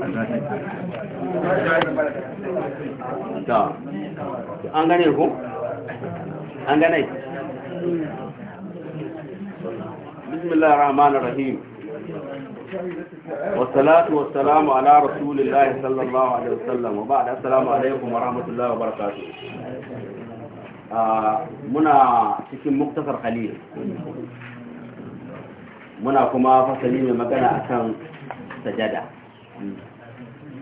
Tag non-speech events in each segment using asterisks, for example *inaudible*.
بسم الله الرحمن الرحيم والصلاة والسلام على رسول الله صلى الله عليه وسلم وبعد السلام عليكم ورحمة الله وبركاته آه منا تكون مختصر قليل منا كما فصلين مكان أسان سجادة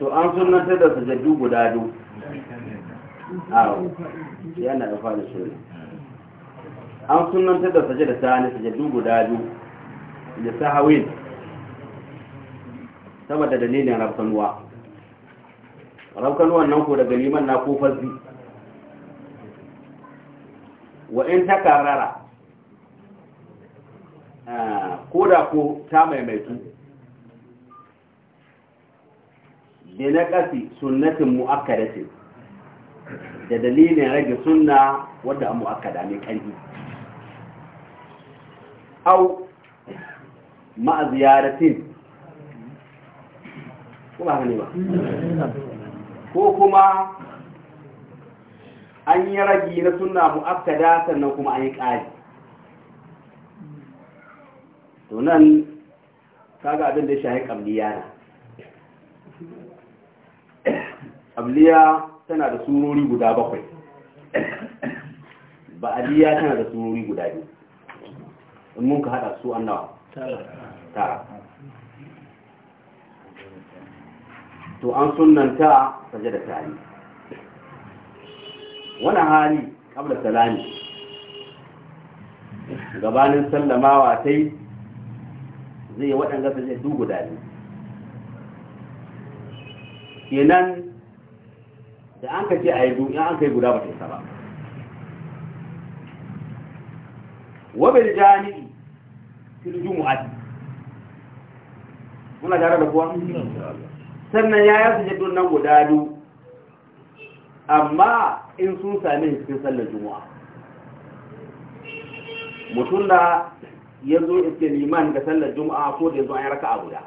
to an sunantar da jaddu guda du awo yana da fara shirin an sunantar da sajadda ta ne sajaddu guda du da sahawin saboda dalilin rafkanuwa rafkanuwan nan ko daga liman na ko fasbi wa in ta karara ah, ko da ko ta maimaitu da na ƙasi sunnatin mu'akkada ce da dalilin rage sunna wadda a mu'akkada mai ƙarfi au ma'a ziyaratin kuma haka ne ba ko kuma an yi ragi na sunna mu'akkada sannan kuma an yi ƙari to nan kaga abin da shahi ƙamliya na abliya tana da surori guda bakwai ba'aliya tana da surori guda biyu in mun ka hada su annawa tara to an sunanta saje da tari wani hali kabla salami gabanin sallamawa ta yi zai waɗanda zai du guda biyu kenan da an ka ce a yi duniya an kai guda ba ta isa ba wabil jami'i fil jumu'ati muna tare da kuwa sannan ya yasa jaddun nan guda biyu amma in sun sami cikin sallar juma'a mutum da ya zo iske liman ga sallar juma'a ko da ya zo an yi raka'a guda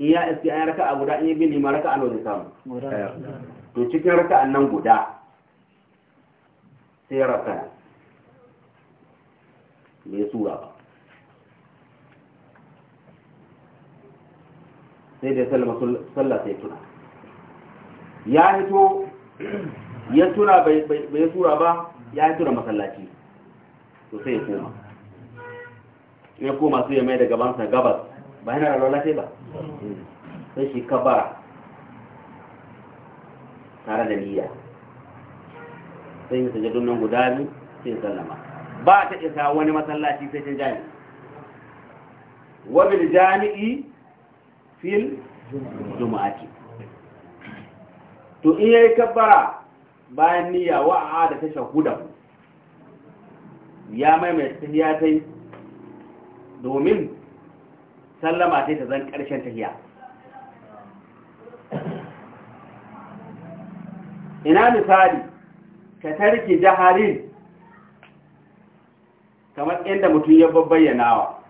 in ya iske an raka a guda in ya bi lima raka an samu eh. to cikin raka a nan guda sai raka mai sura ba sai da salama sallah sai tuna ya hito ya tuna bai sura ba ya hito da masallaci to sai ya koma ya koma sai ya mai da gabansa gabas ba yana da lalace ba sai shi kabara tare da niyya sai yi sajadun nan guda biyu sai sallama ba ta isa wani masallaci sai cin jami wabin jami'i fil juma'ati to in yi kabara bayan niyya wa a da tashahuda ya maimaita yi domin sallama sai ta zan ƙarshen tahiya ina misali ka tarki jaharin kamar inda mutum ya wa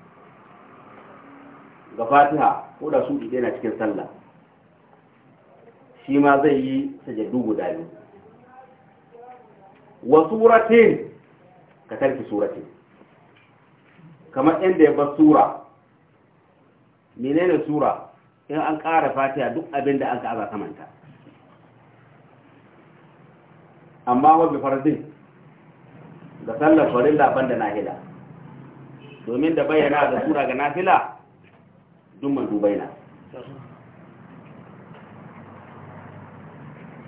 ga fatiha ko da su ɗiɗe na cikin sallah shi ma zai yi sajaddu guda biyu wa suratin ka tarki suratin kamar inda ya bar sura menene sura in an ƙara fatiha duk abin da an aza kamanta amma wabi farzin da sallar farin da banda nahila domin da bayyana da sura ga nafila dumman dubaina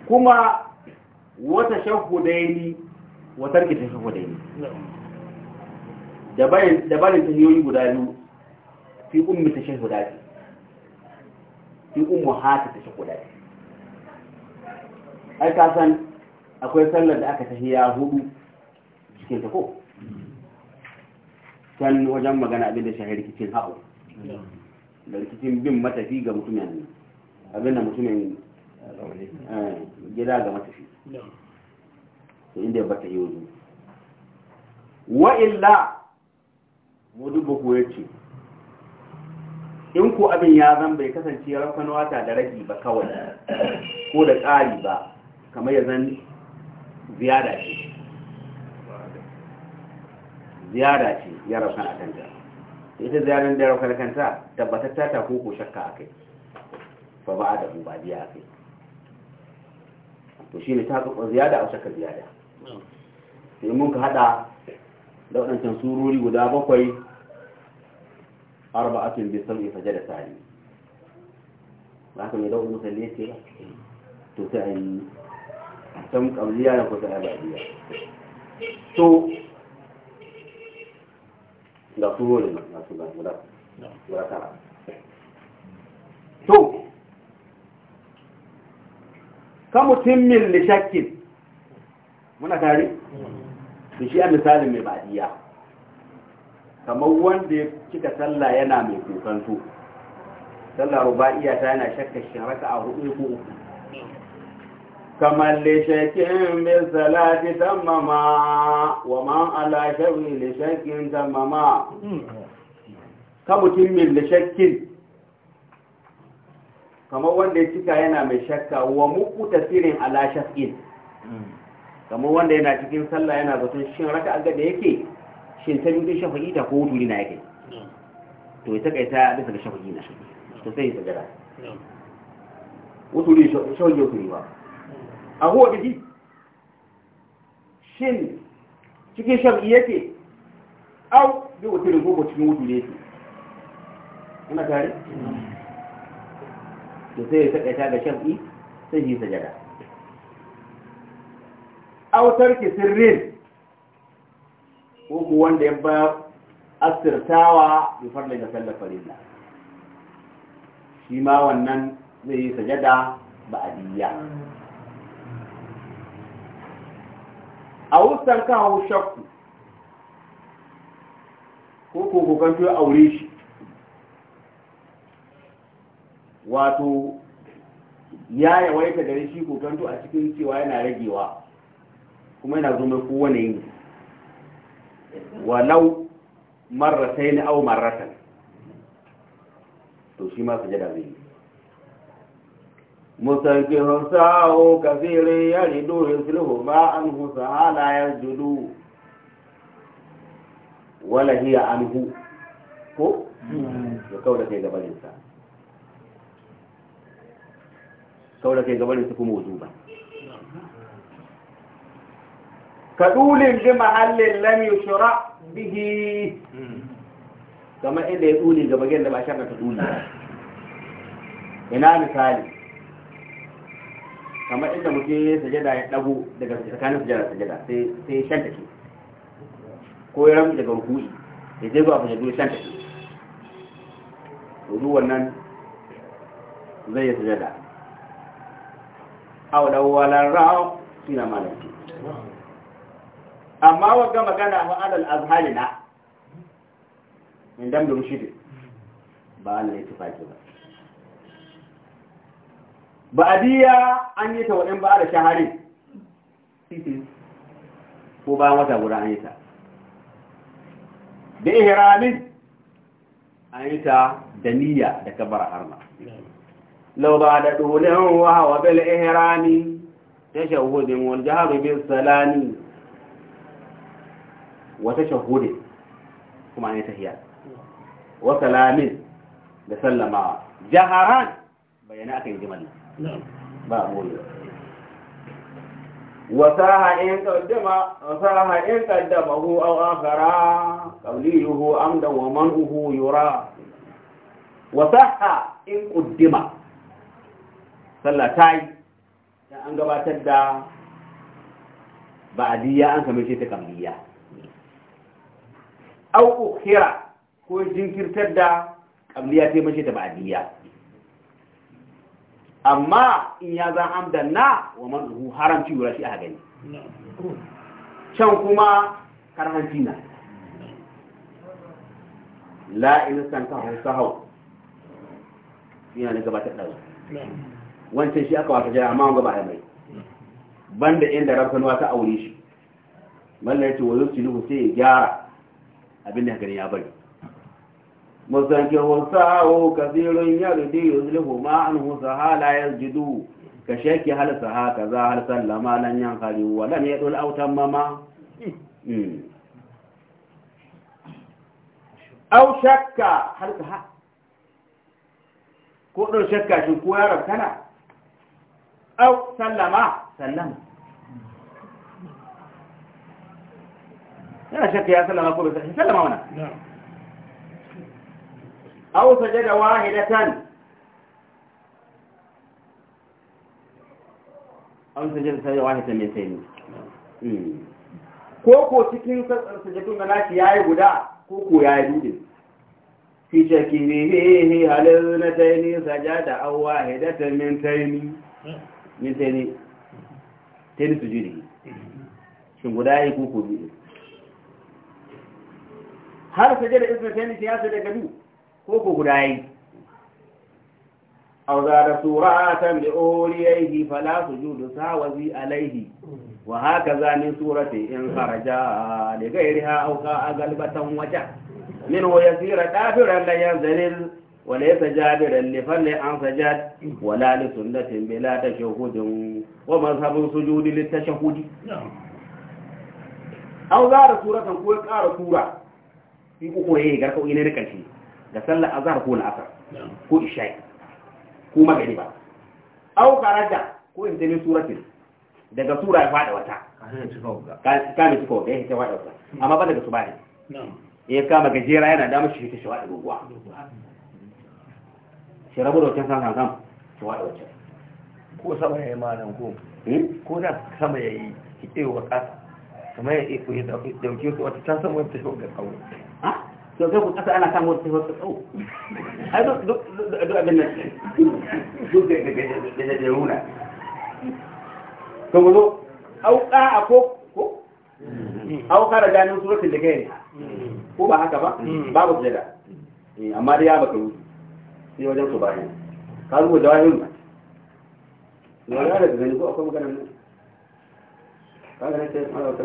kuma wata shahudaini watar ki ta shahudaini da barin tahiyoyi guda biyu fi ummi tashahhudati fi ummuhati tashahhudati ai ka san akwai sallar da aka tahiya hudu cikin ta ko can wajen magana abin da shahar rikicin ha'u da rikicin bin matafi ga mutumin abin da mutumin gida ga matafi to inda ba ta yi wa illa mudubu ko yace in ko abin ya zan bai kasance rafkanuwa wata da ragi ba kawai ko da ƙari ba kamar ya zan ziyara ce Ziyara ce ya rafkan a kanta ita ziyarar da rafkan kanta tabbatar ta ko ko shakka a kai ba ba da ba biya a kai to shi ne ta kakwai ziyara a shakka ziyara. sai mun ka hada da waɗancan sururi guda bakwai arba'atun bi sam'i sajada sari ba ka mai dawo musalli ce ba to ta yi sam qabliya da ko ta ba'diya to da su na su ba guda guda tara to ka timmin li shakkin muna tare to shi a misalin mai ba'diya kamar wanda ya cika sallah yana mai kukan su sallah ruba'iya ta yana shakka shi a hudu ko uku kamar lishakin bin salati tammama wa ma ala shawi lishakin tammama ka mutum min lishakin kamar wanda ya cika yana mai shakka wa muku tasirin ala shakin kamar wanda yana cikin sallah yana zaton shin a gada yake shi ta yi shafa'i ta ko wuturi na yake to ya ta bisa ga shafa'i na to sai ya sajada wuturi shafa'i wuturi ba a huwa da shi shin cikin shafa'i yake au bi wuturi ko ko cikin wuturi yake ina tare to sai ya ta ga shafa'i sai ya sajada autar ki sirrin ko ku wanda ya ba asirtawa ya farla da sallar farilla shi ma wannan zai yi sajada ba a wustan kan hau shakku ko ko a aure shi wato ya yawaita da shi kokanto a cikin cewa yana ragewa kuma yana zo mai kowane yin walau marratai na au marratan to shi ma sujada zai yi musankihun sa'o kafirin ya rido ya sulhu ba an husa halayen judu wala hiya anhu ko Ya kaula kai gabaninsa kaula kai gabaninsa kuma wuzu ba ka dulin bi mahallin lam yushra bihi hmm. kamar inda ya dulin ga bagen da ba shaka ta dulin ina misali kamar inda muke ya sajada ya dago daga tsakanin sujada sujada sai ya shanta ke ko ya rami daga hukumi sai zai ba fashe dole shanta ke to duwan nan zai ya sujada a wadawa lalrawa suna malarci amma wagga magana mu alal azhari na mu shi da mushidi ba Allah ya tufaki ba ba adiya an yi ta wadan ba da shahari ko ba wata guda an yi ta da ihramin an yi ta da niyya da kabara harma lau ba da ɗolin wa wa bil ihrami tashahhudin wal jahru bis Salani. wata shahudi kuma ne ta hiyar wa salamin da sallamawa jaharan bayanai aka yi jimali ba a wasaha in kaddama hu au akara kauliyuhu amda wa man'uhu yura wasaha in kuddima sallatai an gabatar da ba'adiyya an kamar shi ta kamiliya au ukhira ko jinkirtar da kabliya ta mace da ba'diya amma in ya zan amdanna na wa man haramci wala shi a gani can kuma karantina na la ilisan ka hau sahau yana na gabatar da wancan shi aka wata jira amma wanga ba a mai banda inda rabkanuwa ta aure shi mallar ce wa zuci sai ya gyara abin da gani ya bari musanki husawo kasirun yardi yuzlihu ma anhu sahala yasjudu ka shaki hal saha kaza hal sallama lan yankari wa lam yadul autan mama hmm. au shakka hal saha ko don shakka shi ko yaron kana au sallama sallama yana shakka ya sallama ko bai sallama mana aw sajada wahidatan aw sajada sajada wahidatan min sayyi hmm. ko ko cikin sajadun da naki yayi guda ko ko yayi dudin fi shakirihi halal na tayni sajada aw wahidatan min tayni min tayni tayni sujudi hmm. shin guda yayi ko ko dudin har sajada ibn taymiyyah ya daga gadu ko ko guda yi? aw da suratan bi uliyhi fala sujudu sawazi alayhi wa hakaza min surati in kharaja li ghayriha aw ka agalbatan waja min wa yasira dafiran la yanzalil wa laysa jabiran li falli an sajad wa la li sunnatin bila tashahudin wa mazhabu sujudi li tashahudi aw da suratan ko kara sura shi uku ne ga kawai ne rikanci ga sallar azhar ko la'asar ko isha ko magariba aw karaja ko in ne suratin daga sura ya fada wata kame cika wata ya hita da wata amma ba daga su bayan ya kama gajera yana da mushi ta shawa da guguwa shi rabu da wancan sansan sam shawa wata wancan ko sama ya yi malam ko hmm? ko da sama ya yi hitewa kasa kamar ya ɗauke su wata can sama wata shawa ga kawai to sai ku kasa ana samun wasu wasu tsawo ai duk abin nan duk da gajajeruna to mu zo auka a ko ko auka da ganin suratun da kai ko ba haka ba babu sujada eh, amma da ya baka rusu sai wajen su bayan ka rubu da wayan ba ne wani da gani ko akwai maganar nan ka ganin sai mara wata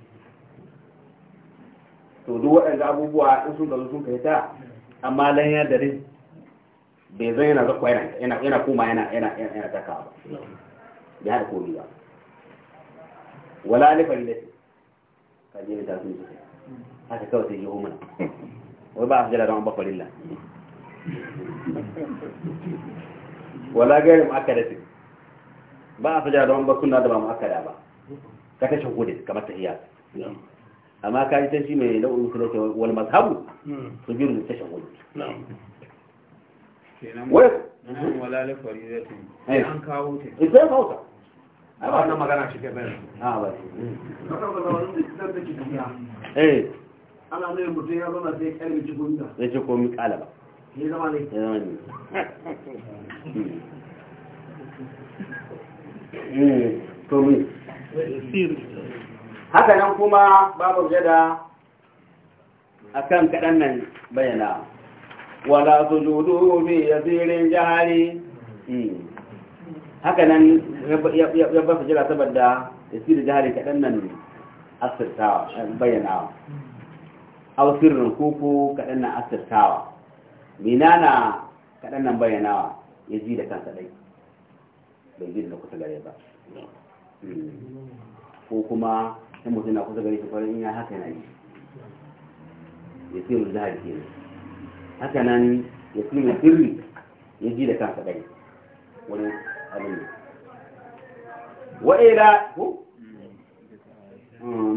to duk waɗanda abubuwa in sun gazu sun kai ta amma lan ya dare bai zan yana zakwa yana yana koma yana yana yana taka ba ya da komi ba wala ni farilati kaje ne ta sun ji haka kawai sai yi mana wai ba a jira don ba farilla wala gari ma aka akadati ba a jira don ba suna da ba mu aka da ba ka kashe hudu kamar ta iya amma ka ji shi mai da'ul wal mazhabu su biyu da wai eh. ta eh, ta ke a ah, ba eh ana zama sai da ce komi zama ne ya zama ne *laughs* hmm. Hmm. komi haka nan kuma babu jada akan kaɗan nan bayana wala su judu bi yasirin jahari hmm. haka nan ya ba su jira saboda nan asirtawa bayanawa kuku kaɗan nan asirtawa ba ko kuma ثم تنا قلت بني فقال إني هكنا يصير الزهد كيرا هكنا يصير من كيري يجي لك أنت بني ولا أبني وإلى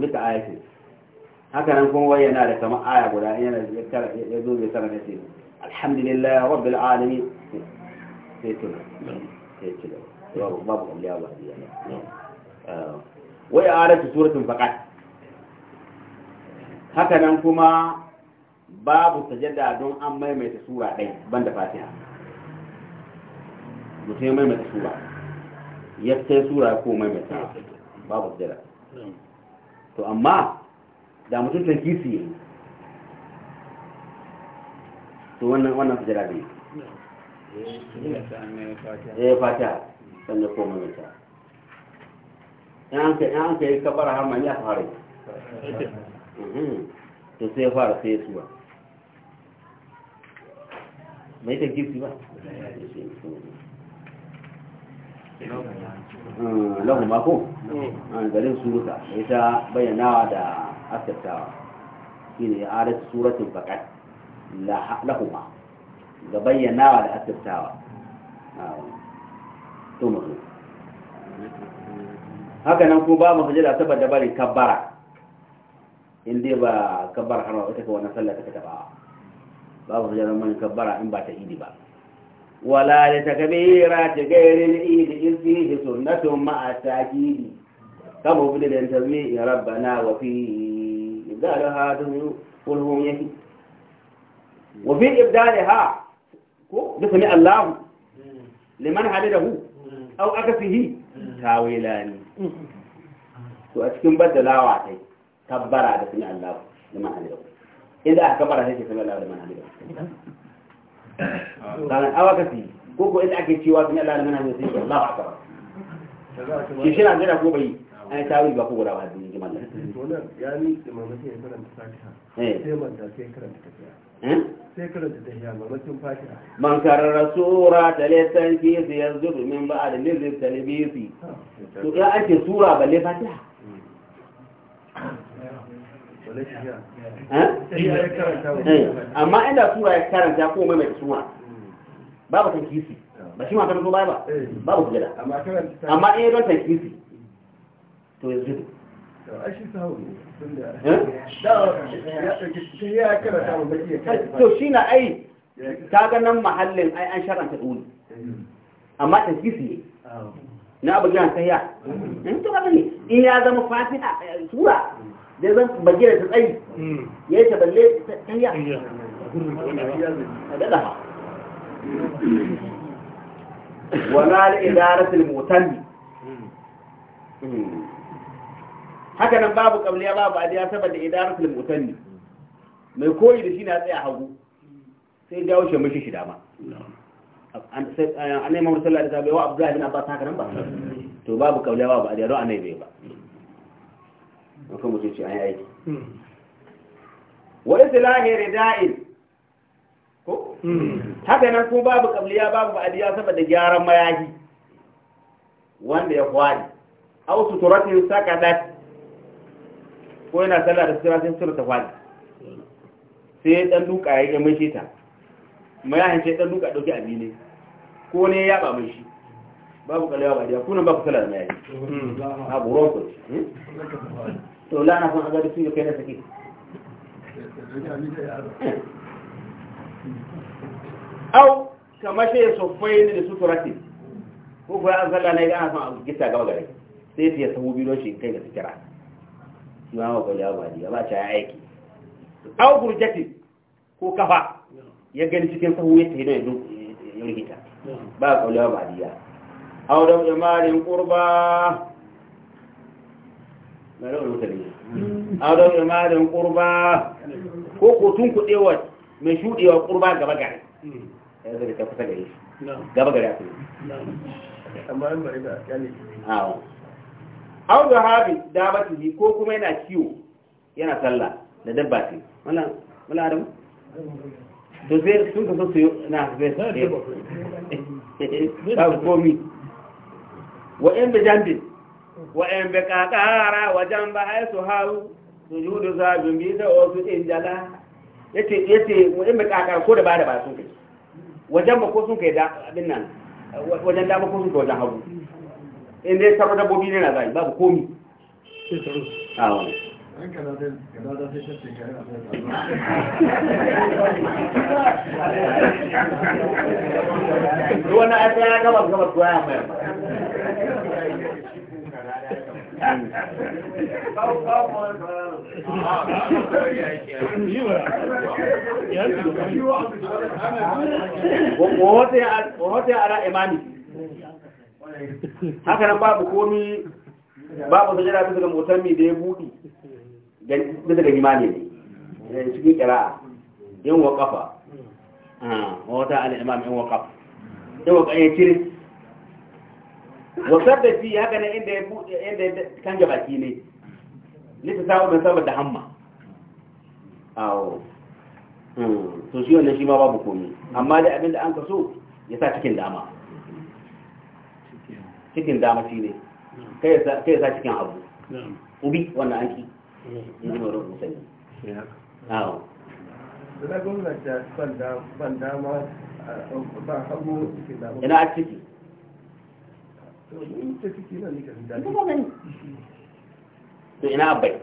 بك آيات هكذا نكون وينا لك ما آية ولا إينا يدور يسرى نسير الحمد لله رب العالمين سيتنا سيتنا يا رب الله يا الله يا الله 嗯。Uh wai a arata suratun faƙat haka nan kuma babu sajada don an maimaita sura ɗaya banda fatiha mutum ya maimaita sura ya sai sura ko maimaita babu sajada to amma da mutum tankisi ne to wannan wannan sajada ne ya eh, eh, fatiha sannan ko maimaita in an ka yi kabar harma ya fara mhm. to sai fara sai suwa mai mm, eh. ta gifi ba lahu mako garin suruka ita bayyanawa da asirtawa shi ne aris suratun fakat lahuma ga bayyanawa da asirtawa to mutum haka nan kuma ba mu sujada saboda bari kabbara in dai ba kabbara har wata ka wannan sallah ta taba ba mu sujada man kabbara in ba ta idi ba wala la takbira ta gairin idi in fihi sunnatu ma ataqidi kama bude da tazmi ya rabbana wa fi ibdalaha qul hum yahi wa fi ibdalaha ko bismi allah liman hadahu hmm. aw akasihi tawila tawilani to a cikin badalawa sai tabbara da sami Allah da manhajar inda aka kabbara sai ke sami Allah da manhajar kanan awa kasi ko ko inda ake cewa sami Allah da manhajar sai Allah ba akbar shi shi na jira ko bai an tawil ba ko gudawa da jima'a to nan ya ni imamatin ya karanta fatiha eh. sai manta sai karanta tafiya Hmm? sai karanta tahiya mamakin fatiha man karara sura ta lesan kisi yanzu domin ba a da lirin talibisi to ya ake sura ba balle fatiha eh, amma inda sura ya karanta ko mai mai sura babu kan kisi ba shi ma eh. karanta ba babu gida amma in don ta kisi to yanzu to shi na ai ta ga nan mahallin ai an sharanta dole amma ta sisi ne na abu gina ta ya in to kaga ne in ya zama fatiha sura da zan bagira ta tsayi ya yi ta balle ta ya a daɗa ha wala da idaratul mutalli haka nan babu qabliya babu adiya saboda idaratul mutanni mai koyi da shi na tsaya hagu sai jawo shi mishi shi dama eh, annai mamar sallallahu alaihi wasallam wa abdullahi bin abbas haka nan ba to babu qabliya babu adiya don anai bai ba kuma mutum ce an yi aiki wani silahi rida'in ko haka nan ko babu kabliya babu adiya saboda gyaran mayahi wanda ya kwari aw suturatin sakadat ko yana sallah da sutura sai sutura ta fadi sai dan duka ya ga mai ta mai ya hance dan duka dauki amine ko ne ya ba mai shi babu kalewa ba dia kuna ba sallah da mai abu roko to la na kun aga da sun kai na saki au kamar sai sofai ne da sutura ko ko kuwa an sallah na ga ana san a gita ga gare sai ya sahu biyu don shi kai da sutura tuwa ma ba ya ba ya ba ta ya aiki aw gurjati ko kafa ya gani cikin sahu ya yi da yin rikita ba kauli ba ya au da jamarin qurba mara mutane aw da jamarin kurba ko ko tun kudewa mai shudewa kurba gaba gari ya zai ta kusa gari gaba gari a kuma amma bari aw da habi dabatihi ko kuma yana kiwo yana sallah da dabba ce mallan adam to sai sun ka so su na sai da eh. *laughs* komi wa in jambin wa in kakara wa jamba hay su haru sujudu zabin bi da wasu injala yace ya wa in da kakara ko da ba da ba sun kai wajen ba ko sun kai da abin nan wajen dama ko sun kai wajen hagu in dai taro dabbobi ne na zai babu komi haka nan babu komi babu sujada bisa ga mai da ya buɗi bisa ga imani ne cikin kira yin waƙafa ah, wata al'imam yin waƙafa yin waƙafa ya cire wasar da fi haka nan inda ya kan ki ne nita samun mai saboda hamma awo hmm, to shi wannan shi ma babu komi amma da abinda an kaso ya sa cikin dama cikin damaci ne kai sa cikin abu ubi wannan an ki ina a ciki to ina bai.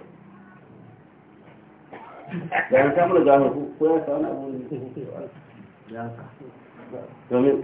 *laughs* ya da zama ko ya abu ne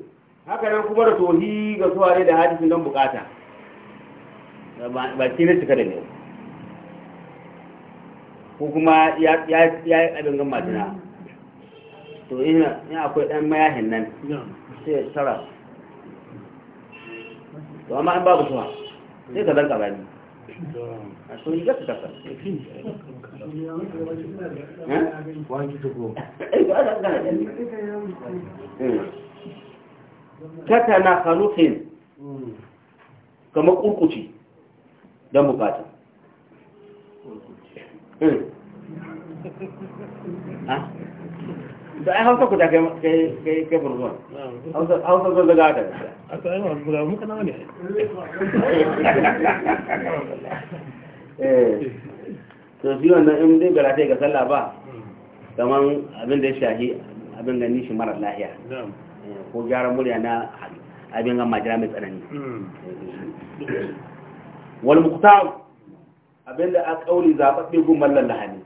haka nan kuma da tohi ga suware da hadisin don bukata ba ce na cika da ne ko kuma ya yi abin gan majina to ina akwai ɗan mayahin nan sai tara to amma an babu suwa sai ka zanka bani a so yi gasa kasa katana hanusin kamar kurkuci don bukata hmm. da ai hausa ku kai hausa daga ta a ne *laughs* eh, in dai gara ga sallah ba kamar abin da ya shahi abin da nishi marar lahiya ko gyaran murya na abin gan jira mai tsanani wal muqtar abinda a kauli zaɓaɓɓe gun mallan lahani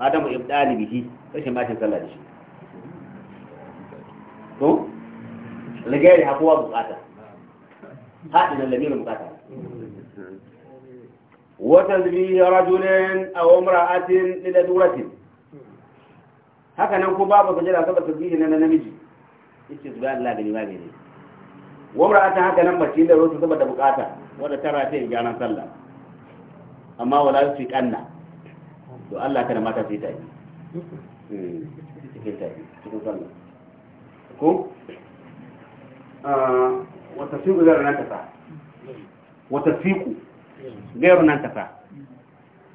adamu ibdali bihi rashin bashin sallah da shi to ligayar hakuwa bukata haɗin lamirin bukata wata zubi rajulin a wamra atin lila duratin haka nan ko babu sajada saboda tasbihi na namiji yace zuwa Allah gani ma gani wamra ta haka nan mace da rosu saboda bukata wanda tara ta yi gyaran sallah amma wala su fi kanna to Allah kada mata su yi tafi cikin eh, tafi cikin sallah ko ah, wata fiku zai nan kasa wata fiku gairu nan kasa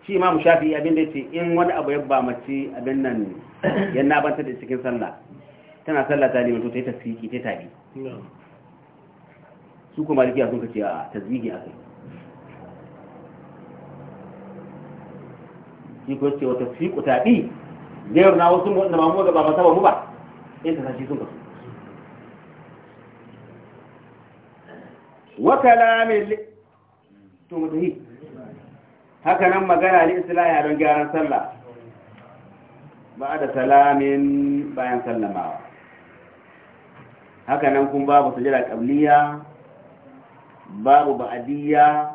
shi imam shafi abin da ce in wani abu ya ba mace abin nan yana banta da cikin sallah tana sallah ta limanto ta yi tasiki ta tabi su kuma malikiya sun kace a a akai shi ko ce wata fiku tabi gairu na wasu mu da ba mu ga ba saba mu ba in ta sashi sun kasu wa kalamin to mutahi haka nan magana li islahi don gyaran sallah ba da salamin bayan sallamawa haka nan kun babu sujada qabliya babu ba'adiyya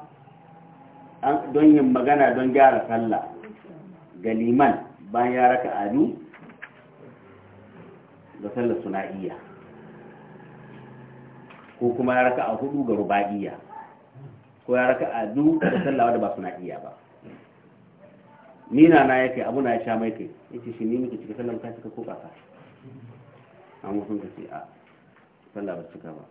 don yin magana don gyara sallah ga liman bayan ya raka ani ga sallar iya ko kuma ya raka a hudu ga ruba'iyya ko ya raka a da ga sallah wadda ba suna'iyya ba nina na yake abu na ya sha mai kai yace shi ne miki cikin sallah ka cika ko ba ka an wasu ka ce a sallah ba cika ba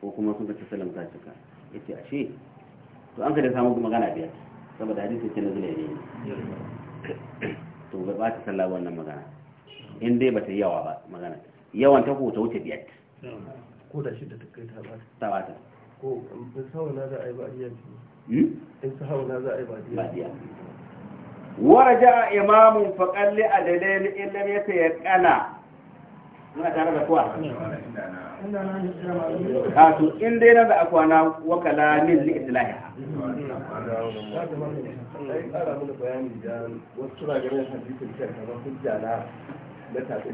ko kuma sun ta sallah ta cika yace ashe to an ka da samu magana biyar saboda hadisi ce na zulairi to ba ta sallah wannan magana in dai ba ta yawa ba magana yawan ta ko ta wuce biyar ko da shi da ta kai ta ba ta ba ta ko in na za a yi ba iya hmm? in sauna za a yi ba iya ورجع إمام فقال لأدلين إن لم يتيقنا muna tare da kowa. a ah, in dai na da akwana wakala min li islahi wasu na ganin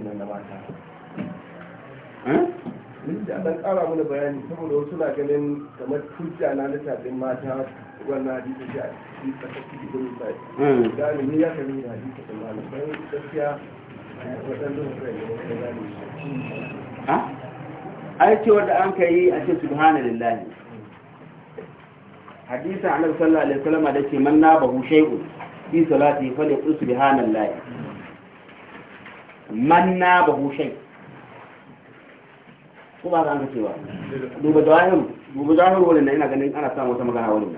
na mata mana bayani saboda wasu na ganin kamar hujja na littafin mata wannan hadisi shi a cikin tsakaki da gurin sa. Gani ya kalli hadisi da malamai gaskiya ha ai cewar da an yi a ce subhanallahi hadisi annabi sallallahu alaihi wasallam da ce man bahu shay'un fi salati falyaqul subhanallahi man bahu shay ko ba an kace ba duba zahiru duba zahiru wannan ina ganin ana samu wata magana wannan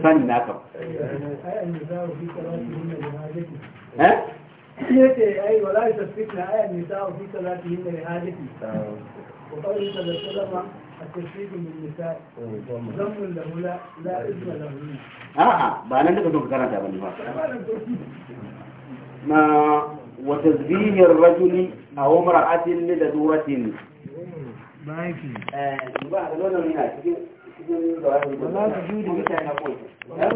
san naka eh yake ai wala ya tasfika aya ne ta fi salatihin da صلى الله عليه a'a ba ba ma wa tazbihi eh, ba da wani na